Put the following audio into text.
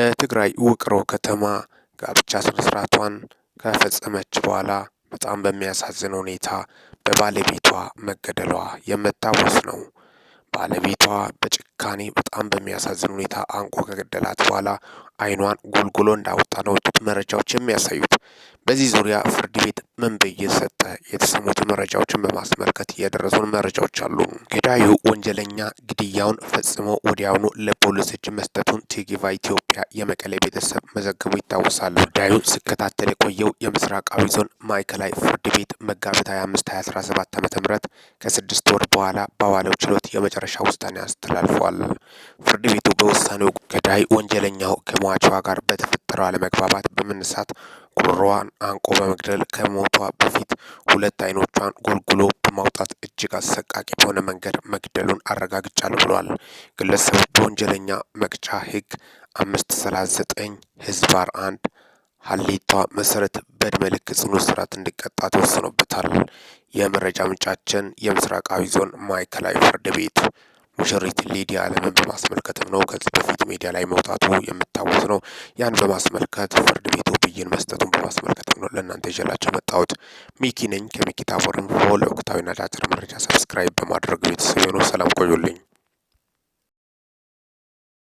በትግራይ ውቅሮ ከተማ ጋብቻ ስነስርዓቷን ከፈጸመች በኋላ በጣም በሚያሳዝን ሁኔታ በባለቤቷ መገደሏ የምታወስ ነው። ባለቤቷ በጭካኔ በጣም በሚያሳዝን ሁኔታ አንቆ ከገደላት በኋላ አይኗን ጉልጉሎ እንዳወጣ ነው መረጃዎች የሚያሳዩት። በዚህ ዙሪያ ፍርድ ቤት ምን ብይን ሰጠ? የተሰሙት መረጃዎችን በማስመልከት የደረሱን መረጃዎች አሉ። ገዳዩ ወንጀለኛ ግድያውን ፈጽሞ ወዲያውኑ ለፖሊስ እጅ መስጠቱን ቲጊቫ ኢትዮጵያ የመቀሌ ቤተሰብ መዘገቡ ይታወሳል። ጉዳዩን ሲከታተል የቆየው የምስራቃዊ ዞን ማዕከላዊ ፍርድ ቤት መጋቢት 25 2017 ዓ.ም ከስድስት ወር በኋላ በዋለው ችሎት የመጨረሻ ውሳኔ አስተላልፏል። ፍርድ ቤቱ በውሳኔው ገዳይ ወንጀለኛው ከሟቿ ጋር በተፈጠረው አለመግባባት በመነሳት ጉሮሮዋን አንቆ በመግደል ከሞቷ በፊት ሁለት አይኖቿን ጎልጉሎ በማውጣት እጅግ አሰቃቂ በሆነ መንገድ መግደሉን አረጋግጫለሁ ብሏል። ግለሰቡ በወንጀለኛ መቅጫ ሕግ አምስት ሰላሳ ዘጠኝ ህዝባር አንድ ሀሌቷ መሰረት በእድሜ ልክ ጽኑ እስራት እንዲቀጣ ተወስኖበታል። የመረጃ ምንጫችን የምስራቃዊ ዞን ማዕከላዊ ፍርድ ቤት ሙሽሪት ሊዲያ አለምን በማስመልከትም ነው ከዚህ በፊት ሚዲያ ላይ መውጣቱ የሚታወስ ነው። ያን በማስመልከት ፍርድ ቤቱ ብይን መስጠቱን በማስመልከትም ነው ለእናንተ ይዤላቸው መጣሁት። ሚኪ ነኝ ከሚኪ ታቦር ኢንፎ። ለወቅታዊና አጫጭር መረጃ ሰብስክራይብ በማድረግ ቤተሰብ ነው። ሰላም ቆዩልኝ።